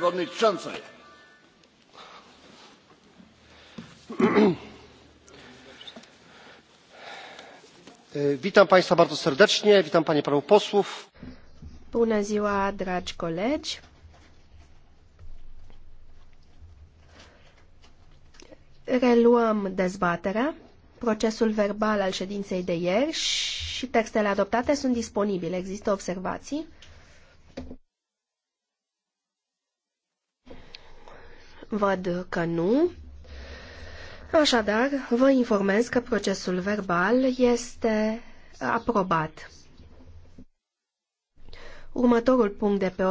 domnule președinte witam państwa bardzo serdecznie witam panie posłów. bună ziua dragi colegi! reluăm dezbaterea. Procesul verbal al ședinței de ieri și textele adoptate sunt disponibile. Există observații? Văd că nu. Așadar, vă informez că procesul verbal este aprobat. Următorul punct de pe